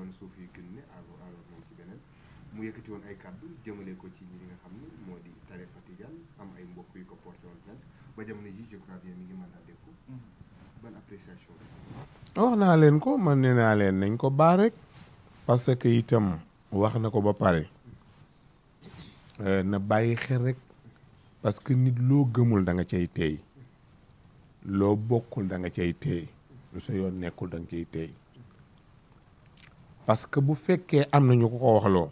yoon suuf yu mu yëkkati ay kàddu jëmale ko ci ñi nga xam ne moo di am ay mbokk yu ko ba jamono ji je crois bien mi ngi mandat mm-hmm. wax naa leen ko man ne naa leen nañ ko baar rek parce que itam wax na ko ba pare euh, na bàyyi xel rek parce que nit loo gëmul da nga cay teey loo bokkul da nga cay teey lu sa yoon nekkul da nga cay teey parce que bu fekkee am na ñu ko ko waxloo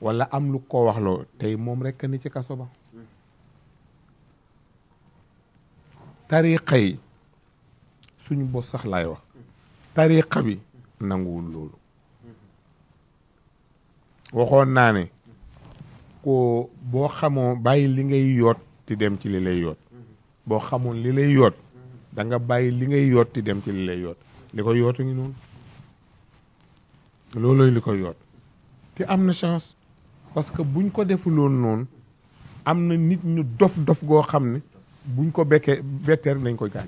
wala am lu ko waxloo tey moom rek ni ci kaso ba tariqa yi suñu bos sax laay wax tariqa bi nanguwul loolu waxoon naa ne ko boo xamoo bàyyi li ngay yoot ti dem ci li lay boo xamoon li lay yoot da bàyyi li ngay yoot ti dem ci li lay yoot li ko yootu ngi loolooy li ko yoot te am na chance parce que buñ ko defuloon noonu am na nit ñu dof-dof goo xam ne buñ ko bekkee betteer nañ koy gaañ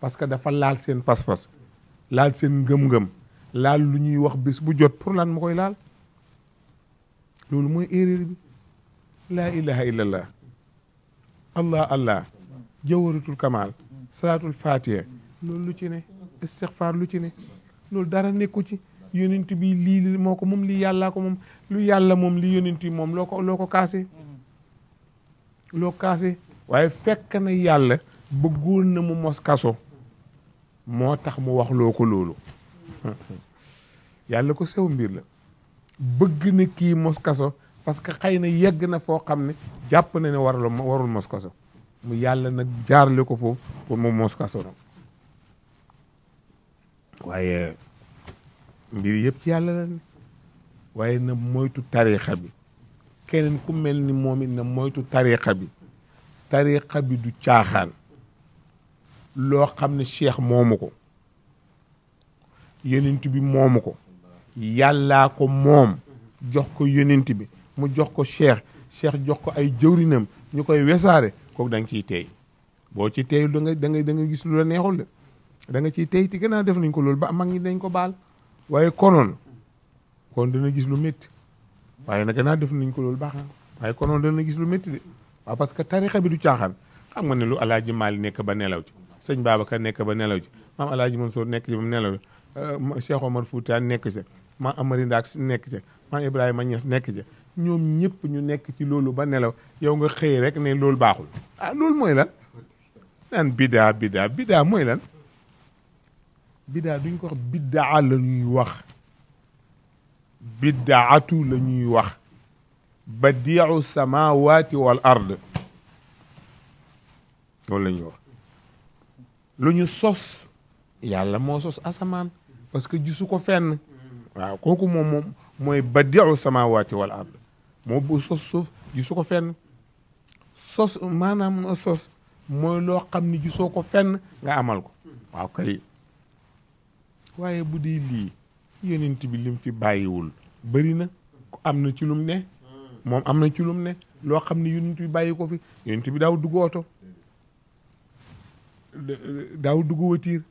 parce que dafa laal seen pas-pas laal seen ngëm-ngëm laal lu ñuy wax bés bu jot pour lan mu koy laal loolu mooy erreur bi laa ilaha illallah allah allah jawharatul kamal salaatul fatiha loolu lu ci ne istixfaar lu ci ne loolu dara nekku ci yonent bi lii moo ko moom lii yàllaa ko moom lu yàlla moom li yonent yi moom loo ko loo ko kaase mm-hmm. loo kaase waaye fekk na yàlla bëggoon na mu mos kaso moo tax mu wax loo ko loolu yàlla ko sew mbir la bëgg na kii mos kaso parce que xëy na yegg na foo xam ne jàpp na ne warul warul mos kaso mu yàlla nag jaarle ko foofu pour mu mos kaso nag waaye mbir yëpp ci yàlla la ne waaye na moytu tariixa bi keneen ku mel ni moom it na moytu tariixa bi tariixa bi du caaxaan loo xam ne cheikh moomu ko yonent bi moomu ko yàllaa ko moom jox ko yonent bi mu jox ko cheikh cheikh jox ko ay jëwrinam ñu koy wesaare kooku dang nga ciy teey boo ci teeyul da nga da da nga gis lu la neexul da nga ciy teey ti gën a def nañ ko lool ba mag ñi dañ ko baal waaye konoon kon dana gis lu métti waaye nag gannaaw def nañ ko loolu baax na waaye konoon dana gis lu métti de waaw parce que tarixa bi du caaxaan xam nga ne lu alaaji Maali nekk ba nelaw ci baaba ka nekk ba nelaw ci maam alaaji soo nekk ci ba nelaw euh, Cheikh Omar Fouta nekk ci maam Amari Ndaak nekk ci maam Ibrahima Niass nekk ci ñoom ñëpp ñu nekk ci loolu ba nelaw yow nga xëy rek ne loolu baaxul ah loolu mooy lan naan bidaa bidaa biddaa duñ ko wax biddaa la ñuy wax biddaatu la ñuy wax badiicu samaawaati wal ard loolu la lu ñu sos yàlla moo sos asamaan parce que gisu ko fenn waaw kooku moom mooy badiicu samaawaati wal ard moo bu sos suuf gisu ko fenn sos maanaam sos mooy loo xam ni gisoo ko fenn nga amal ko waaye bu dee lii yonent bi lim fi bàyyiwul bëri na am na ci lum ne moom am na ci lum ne loo xam ne yonent bi bàyyi ko fi yonent bi daaw dugg oto daaw dugg watiir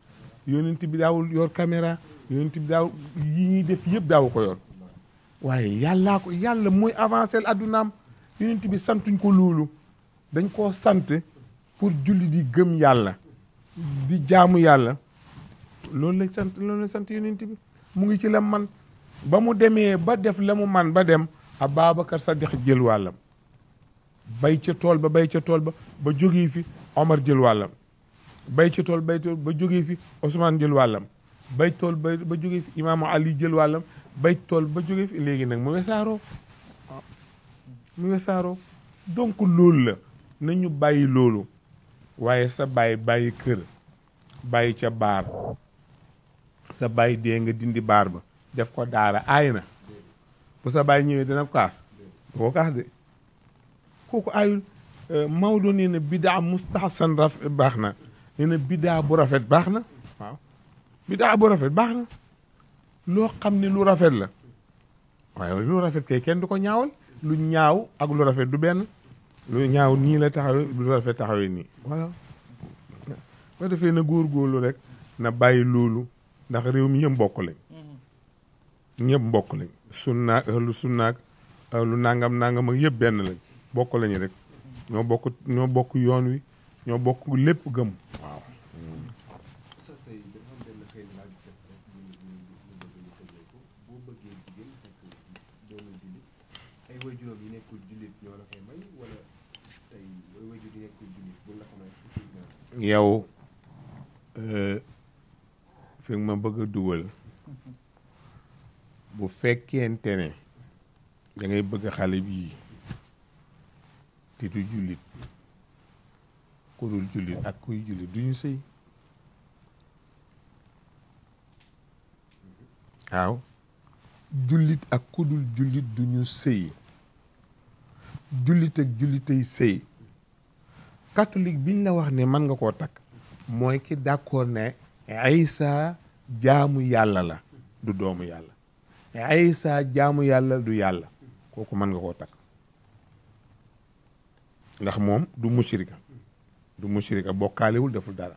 yonent bi daawul yor caméra yonent bi daaw yi ñuy def yëpp daaw ko yor waaye yàllaa ko yàlla mooy avancel addunaam yonent bi santuñ ko loolu dañ koo sant pour julli di gëm yàlla di jaamu yàlla loolu la sant loolu sant yonent bi mu ngi ci la man ba mu demee ba def la mu man ba dem Ababacar Saddiq jël wàllam bay ca tool ba bay ca tool ba ba jógee fi jël wàllam bay ca tool bay tool ba jógee fi Ousmane jël wàllam bay tool ba ba jógee fi Imaamu Ali jël wàllam bay tool ba jógee fi léegi nag mu wesaaroo mu wesaaroo donc loolu la ñu bàyyi loolu waaye sa bàyyi bàyyi kër bàyyi ca baar sa baay dee nga dindi baar ba def ko daara aay na bu sa baay ñëwee dana ko kaas du ko kaas de kooku aayul euh, Maodo nee na bidaa mustahsan rafet baax na nee na bidaa bu rafet baax na waaw bu rafet baax loo xam ne lu rafet la waaye lu rafet kay kenn du ko ñaawal lu ñaaw ak lu rafet du benn lu ñaaw nii la taxawee lu rafet taxawee nii voilà ba defee na góor góorgóorlu rek na bàyyi loolu ndax réew mi ñëpp mbokk lañ ñëpp mbokk lañ sunna ahlu sunnaak nangam nangam yëpp benn lañ bokk lañu rek ñoo bokk ñoo bokk yoon wi ñoo bokk lépp gëm waaw mm. yow euh, fi ma bëgg a dugal bu fekkente ne da bëgg xale bii te du jullit ku jullit ak kuy jullit du ñu sëy jullit ak ku dul jullit du sëy jullit biñ la wax ne mën nga koo takk mooy ki d'accord ne Isa jaamu yàlla la du doomu yàlla mais Isa jaamu yàlla du yàlla kooku mën nga koo takk ndax moom du mushrika du mushrika bokkaalewul deful dara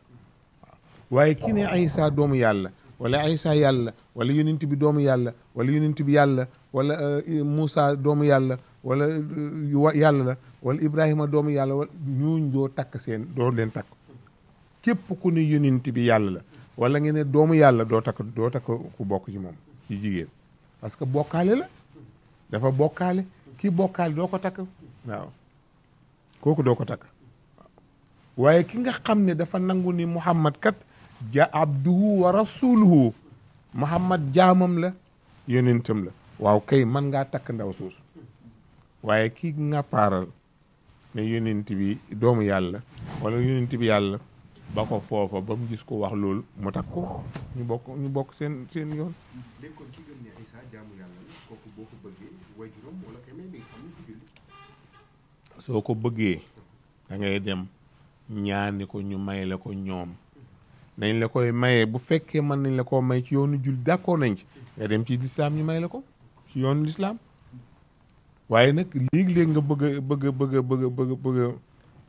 waaw waaye ki ne Isa doomu yàlla wala Isa yàlla wala yonent bi doomu yàlla wala yonent bi yàlla wala euh, Moussa doomu yàlla walla euh, yàlla la wala Ibrahima doomu yàlla wala ñooñ doo takk seen doo leen takk képp ku ne bi yàlla la wala ngeen doomu yàlla doo takk doo takk ku bokk ci moom ci jigéen parce que bokkaale la dafa bokkaale kii bokkaale doo ko takk waaw kooku doo ko takk waaye ki nga xam ne dafa nangu ni muhammad kat ja abduhu wa rasuluhu muhammad jaamam la yonentam la waaw kay man ngaa takk ndaw suusu waaye kii nga paaral ne yonent bi doomu yàlla wala yonent bi yàlla ba ko foofa ba mu gis ko wax loolu mu takk ko ñu bokk ñu bokk seen seen yoon. léegi kon ki gëm ko bëggee waajuram wala keneen ne soo ko bëggee da dem ñaani ko ñu may la ko ñoom nañ la koy mayee bu fekkee mën nañ la koo may ci yoonu jul d'accord nañ ci nga dem ci lislaam ñu may la ko ci yoonu lislaam waaye nag léeg-léeg nga bëgg a bëgg a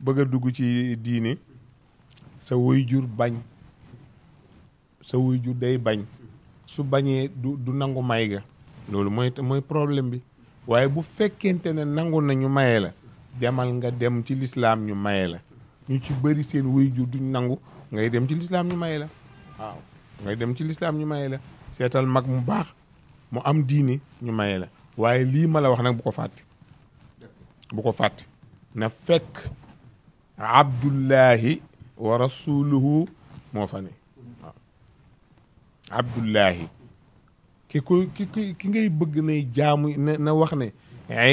bëgg dugg ci diine sa waajur bañ sa waajur day bañ su bañee du nangu may ga loolu mooy mooy problème bi waaye bu fekkente ne nangu na ñu maye la demal nga dem ci lislaam ñu maye la ñu ci bëri seen waajur duñ nangu ngay dem ci lislaam ñu maye la waaw ngay dem ci lislaam ñu maye la seetal mag mu baax mu am diini ñu maye la waaye lii ma la wax nag bu ko fàtte bu ko fàtte na fekk abdullahi wa rasuluhu moo fa ne waaw abdullahi ki ko ki ki ngay bëgg nay jaamu na wax ne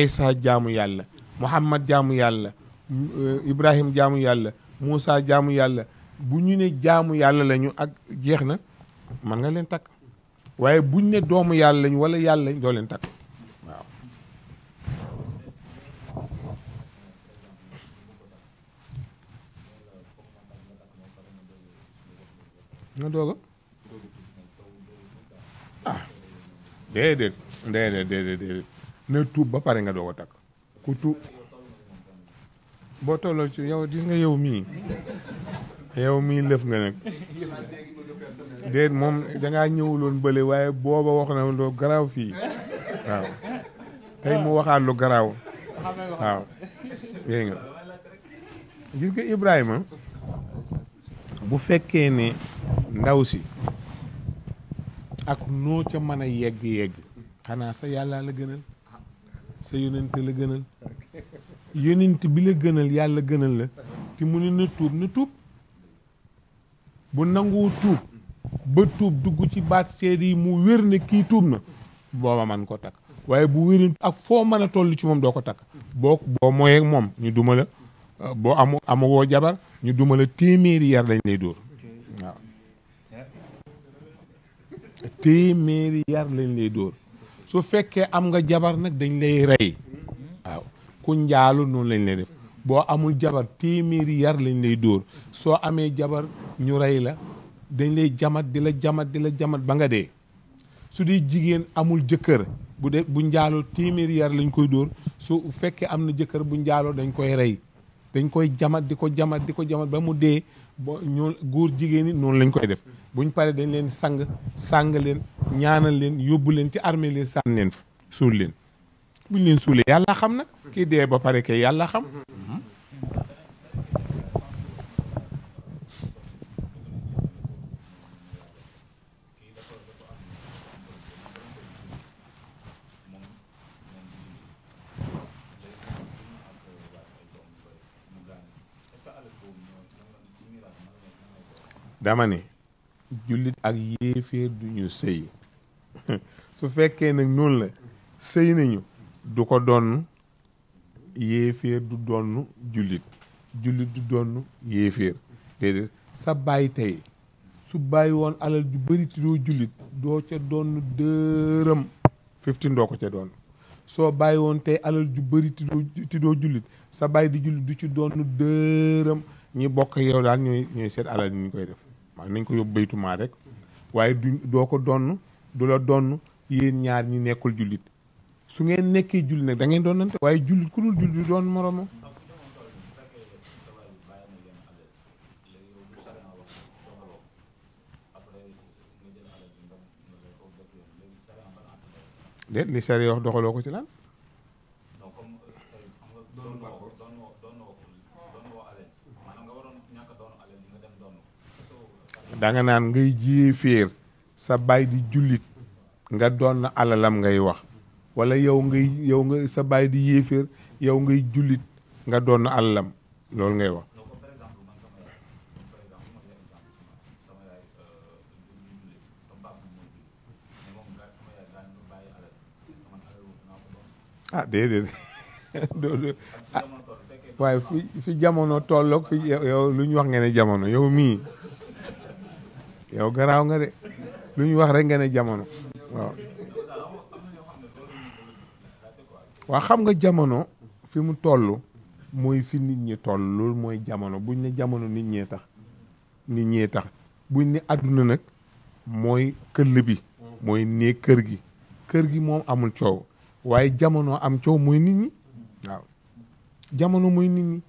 isa jaamu yàlla muhammad jaamu yàlla euh, ibrahim jaamu yàlla moussa jaamu yàlla bu ñu ne jaamu yàlla lañu ak jeex na mën nga leen takk waaye buñ ne doomu yàlla lañu wala yàlla lañ doo leen takk na ah. déedéet déedéet na tuub ba pare nga doog a takk ku tuub boo tolloo ci yow gis nga yow mii yow mii lëf nga nag déet moom dangaa ñëwuloon bële waaye booba wax na loo garaaw fii waaw tey mu waxaat lu garaaw waaw dégg nga gis nga Ibrahima bu fekkee ne ndaw si ak noo ca mën a yegg-yegg xanaa sa yàlla la gënal sa yonent la gënal yonent bi la gënal yàlla gënal la te mu ne na tuub na tuub bu nanguwu tuub ba tuub dugg ci baat seede yi mu wér ne kii tuub na booba man ko takk waaye bu wérin ak foo mën a toll ci moom doo ko takk boo boo mooyee moom ñu duma la boo amu amagoo jabar ñu duma la téeméeri yar lañ lay dóor téeméeri yar lañ lay dóor su fekkee am nga jabar nag dañ lay rey waaw ku njaalu noonu lañ lay def boo amul jabar téeméeri yar lañ lay dóor soo amee jabar ñu rey la dañ lay jamat di la jamat di la jamat ba nga dee su dee jigéen amul jëkkër bu dee bu njaaloo téeméeri lañ koy dóor su fekkee am na jëkkër bu njaaloo dañ koy rey dañ koy jamat di ko jamat di ko jamat ba mu dee bo ñoo góor jigéen ñi noonu lañ koy def buñ paree dañ leen sang sang leen ñaana leen yóbbu leen ci armée leen sànni leen fa suul leen buñ leen suulee yàlla xam nag kii dee ba pare kay yàlla xam dama ne jullit ak yéeféer du ñu sëy su fekkee nag noonu la sëy nañu du ko donn yéeféer du donn jullit jullit du donn yéeféer déedéet sa baay tey su bàyyi woon alal ju bëri te doo jullit doo ca donn ca donn soo woon te doo te doo jullit sa baay di jullit du ci donn dërëm ñi bokk yow daal ñooy ñooy seet alal yi ñu koy def waaw nañ ko yóbbu baytumaa rek waaye du doo ko donn du la donn yéen ñaar ñi nekkul jullit su ngeen nekkee jullit nag da ngeen donnante waaye jullit ku dul jullit du doon moroomam ko ci da nga naan ngay jéeféer sa baay di jullit nga doon alalam ngay wax wala yow ngay yow nga sa baay di yéeféer yow ngay jullit nga doon alalam loolu ngay wax ah déedéet waaye fi fi jamono tolloog fi yow lu ñu wax ngeen ne jamono yow mii yow garaaw nga de lu ñuy wax rek nga ne waaw waa xam nga jamono fi mu toll mooy fi nit ñi toll loolu mooy jamono buñ ne jamono nit ñee tax nit ñee tax buñ nag mooy këll bi mooy néeg kër gi kër gi moom amul coow waaye jamono am coow mooy nit ñi waaw mooy nit ñi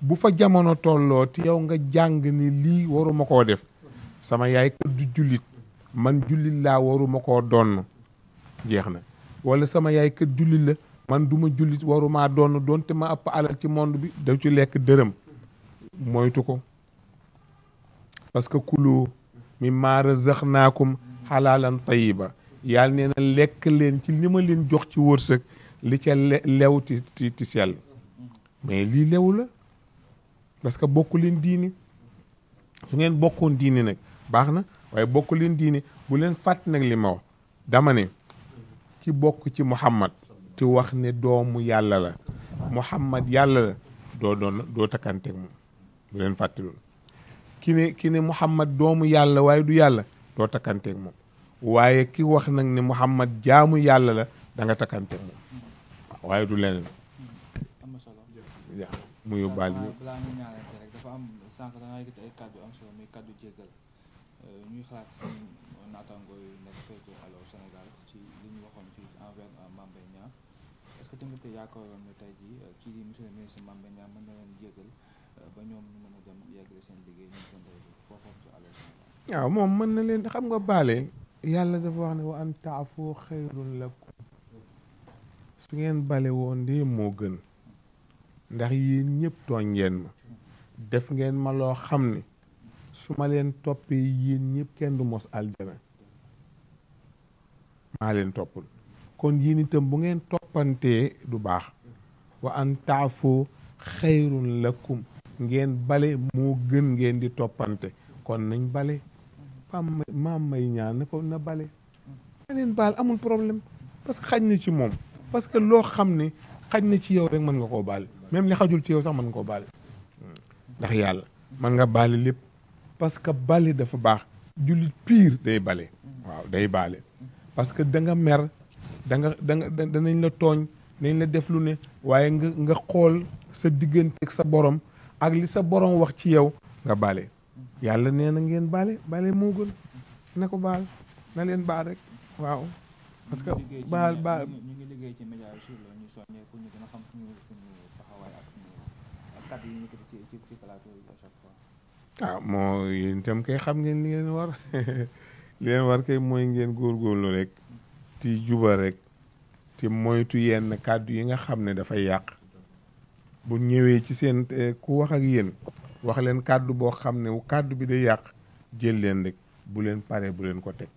bu fa jamono tolloo te yow nga jàng ni lii waruma koo def sama yaay du jullit man jullit laa waruma koo donn jeex na wala sama yaay kër jullit la man duma jullit waruma doon doonte ma ëpp alal ci monde bi da ci lekk dërëm moytu ko parce que kulu mimmaa razaqnaakum xalaalan tayiba yàlla nee na lekk leen ci li ma leen jox ci wërsëg li ca lew ti ti ti sell lii lew la parce que bokku leen diini su ngeen bokkoon diini nag baax na waaye bokk leen diine bu leen fàtt nag li ma wax dama ne ki bokk ci Muhammad te wax ne doomu yàlla la Muhammad yàlla la doo doo takkanteeg moom leen fàtte loolu ki ne ki ne Muhammad doomu yàlla waaye du yàlla doo takkanteeg moom waaye ki wax nag ne Muhammad jaamu yàlla la danga nga takkanteeg moom waaye du leneen am muy yóbbaal dafa am sànq da nga yëkkati ñuy xalaat naataango yu nekk fekkee alors Sénégal ci li waxoon fii envers Mame Mbaye Niang est tey jii euh, kii di monsieur le mën na leen jégal euh, ba ñoom a dem yeggale seen liggéey ñu ngi waaw moom mën na leen xam nga baale yàlla dafa wax ne wa an taafu xayrun lakum su ngeen bale woon de moo gën ndax yéen ñëpp tooñ ngeen ma def ngeen ma loo xam ne suma leen toppee yéen ñëpp kenn du mos aljana maa leen toppul kon yéen itam bu ngeen toppantee du baax wa an taafoo la lakum ngeen bale moo gën ngeen di toppante kon nañ bale maam maam may ñaan na ko na bale ma leen baal amul problème parce que xaj na ci moom parce que loo xam ne xaj na ci yow rek mën nga koo bal même li xajul ci yow sax mën nga koo baal ndax yàlla mën nga baale lépp parce que bale dafa baax jullit pire day bale waaw day baale parce que da nga mer danga nga danañ la tooñ nañ la def lu ne waaye nga nga xool sa diggante ak sa borom ak li sa borom wax ci yow nga bale yàlla nee na ngeen bale bale moo gën na ko baal na leen baal rek waaw parce que baal baal ñu ngi liggéey ci média yi ñu soññee ñu gën a xam suñu suñu ah moo yéen itam kay xam ngeen li leen war li leen war kay mooy ngeen góorgóorlu rek ti juba rek te moytu yenn kàddu yi nga xam ne dafay yàq bu ñëwee ci seen eh, ku wax ak yéen wax leen kàddu boo xam ne kàddu bi day yàq jël leen rek bu leen paree bu leen ko teg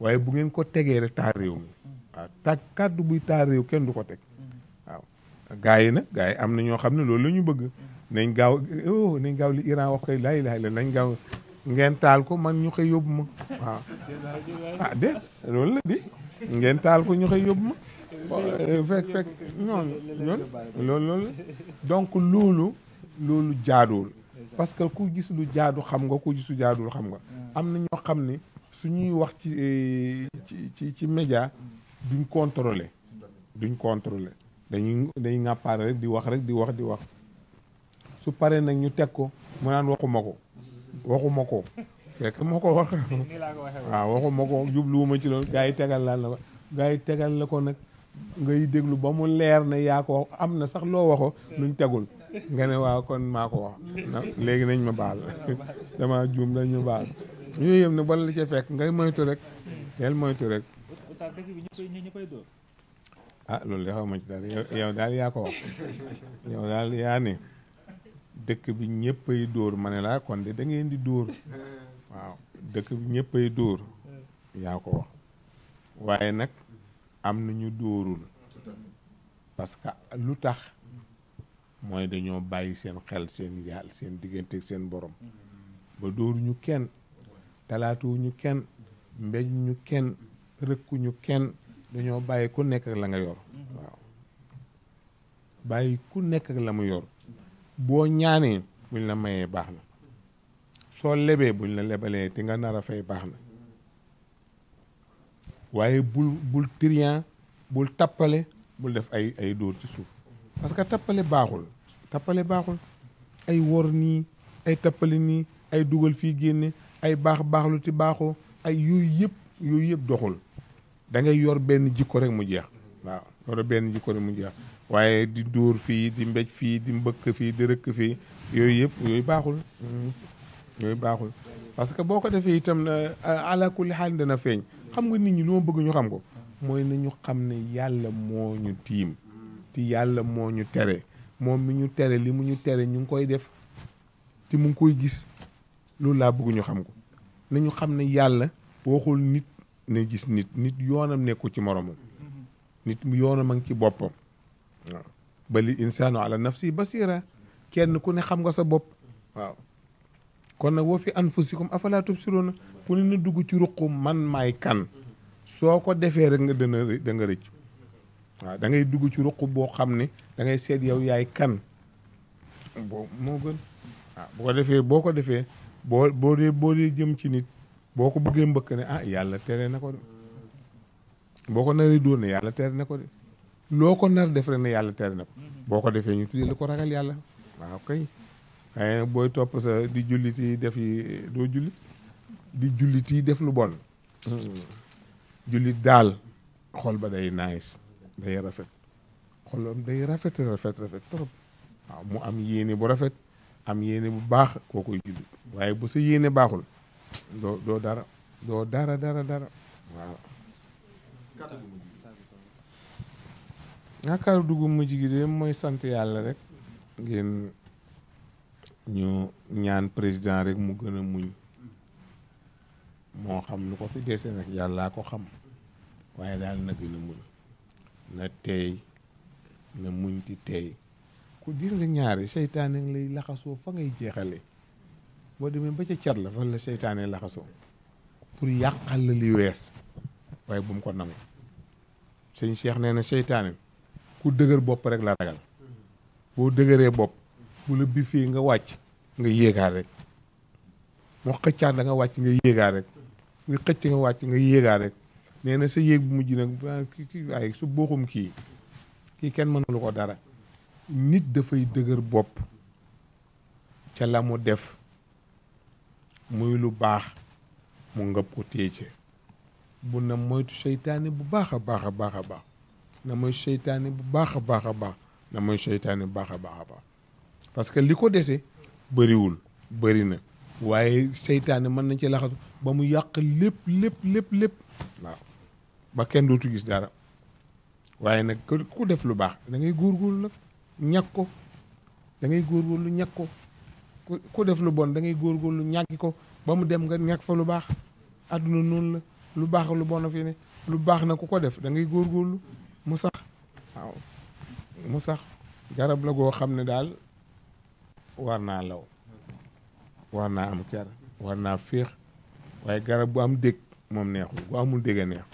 waaye bu ngeen ko tegee rek taar réew mi waaw ah, ta kàddu buy taar réew kenn du ko teg mm-hmm. waaw gaa yi nag gaa yi am na ñoo xam ne loolu la ñu bëgg nañ gaaw oh nañ gaaw li Iran wax koy laa ilaaha illa nañ gaaw ngeen taal ko man ñu koy yóbbu ma waaw ah ngeen taal ko ñu koy yóbbu ma oh, euh, fekk fekk non loolu loolu loolu parce que ku gis lu jaadu xam nga ku gis lu jaaduwul xam nga am na ñoo xam ni suñuy wax ci euh, ci ci ci média duñ contrôler duñ contrôler dañuy dañuy ŋàppaar di wax rek di wax di wax su paree nag ñu teg ko mu naan waxuma ko waxuma ko fekk moo ko waxu waaw waxuma ko jubluwuma ci loolu gars yi tegal laal na ko gars tegal la ko nag ngay déglu ba mu leer na yaako wax am na sax loo waxo luñ tegul nga ne waaw kon maa ko wax léegi nañ ma baal dama juum dañ ma baal yooyu yëpp nag bala la ca fekk ngay moytu rek del moytu rek ah loolu de xaw ma ci dara yow daal yaa ko wax yow daal yaa ne dëkk bi ñëppay dóor ma ne laa kon de da ngeen di dóor waaw dëkk bi ñëppay dóor yaa ko wax waaye nag am na ñu dóorul parce que lu tax mooy dañoo bàyyi seen xel seen yàll seen diggante seen borom ba dóoruñu kenn talaatuwuñu kenn mbéjuñu kenn rëkkuñu kenn dañoo bàyyi ku nekk la nga yor bàyyi ku nekk la mu yor boo ñaanee buñ la mayee baax na soo lebee buñ la lebalee di nga nar a fay baax na waaye bul bul trian bul tappale bul def ay ay dóor ci suuf parce que tappale baaxul tappale baaxul ay wor nii ay tappale nii ay dugal fii génne ay baax baaxlu ci baaxoo ay yooyu yëpp yooyu yëpp doxul da ngay yor benn jikko rek mu jeex waaw yor benn jikko rek mu jeex waaye di dóor fii di mbéj fii di mbëkk fii di rëkk fii yooyu yëpp yooyu baaxul mm-hmm. yooyu baaxul parce que boo ko defee itam na euh, ala kulli xaal dana feeñ xam nga nit ñi loo bëgg ñu xam ko mooy nañu xam ne yàlla moo ñu tiim te yàlla moo ñu tere moom mi ñu tere li mu ñu tere ñu ngi koy def ti mu ngi koy gis loolu laa bëgg ñu xam ko nañu xam ne yàlla waxul nit na gis nit nit yoonam nekku ci moromam mm-hmm. nit yoonam a ngi ci boppam waaw bali insaanu ala nafsi basira kenn ku ne xam nga sa bopp waaw kon nag woo fi anfusikum afala tubsiruna ku ne na dugg ci ruqu man maay kan soo ko defee rek nga dana da nga rëcc waaw da ngay dugg ci ruqu boo xam ne da ngay seet yow yaay kan boo moo gën waaw bu ko defee boo ko defee boo boo dee boo jëm ci nit boo ko bëggee mbëkk ne ah yàlla tere na ko de boo ko naree dóor ne yàlla tere na ko de loo ko nar def rek ne yàlla tere na ko boo ko defee ñu tuddee la ko ragal yàlla waaw kay waaye booy topp sa di jullit yi def yi doo jullit di jullit yi def lu bon jullit daal xol ba day nice day rafet xolam day rafet rafet rafet trop mu am yéene bu rafet am yéene bu baax koo koy jullit waaye bu sa yéene baaxul doo doo dara doo dara dara dara waaw yaakaaru dugub mujj gi de mooy sant yàlla rek ngeen ñu ñaan président rek mu gën a muñ moo xam nu ko fi dese nag yàllaa ko xam waaye daal nag yi a muñ na teey na muñ ti teey ku dis nga ñaari seytaane lay laxasoo fa ngay jeexale boo demee ba ca cat la fa la seytaane laxasoo pour yàqal la li wees waaye bu ko nangu sëñ Cheikh nee na seytaane ku dëgër bopp rek laa ragal boo dëgëree bopp bu la bi fii nga wàcc nga yéegaat rek moo xëccaat da nga wàcc nga yéegaat rek nga wàcc nga yéegaat rek nee na sa yéeg bu mujj nag ah, kii waaye su booxum kii kii kenn mënalu ko dara nit dafay dëgër bopp ca la mu def muy lu baax mu ngëb ko téye bu na moytu seytaane bu baax a baax a baax a baax na mooy seytaane bu baax a baax a baax na mooy seytaane bu baax a baax a baax parce que li ko dese bëriwul bëri na waaye seytaane mën na ci laxasu ba mu yàq lépp lépp lépp lépp waaw ba kenn dootu gis dara waaye nag ku def lu baax da ngay góorgóorlu nag ñàkk ko da ngay góorgóorlu ñàkk ko ku def lu bon da ngay góorgóorlu ñàkki ko ba mu dem nga ñàkk fa lu baax àdduna noonu la lu baax lu bon a fi lu baax na ku ko def da ngay góorgóorlu mu sax waaw sax garab la goo xam ne daal war naa law war naa am ker war naa féex waaye garab bu am dég moom neexul bu amul dég neex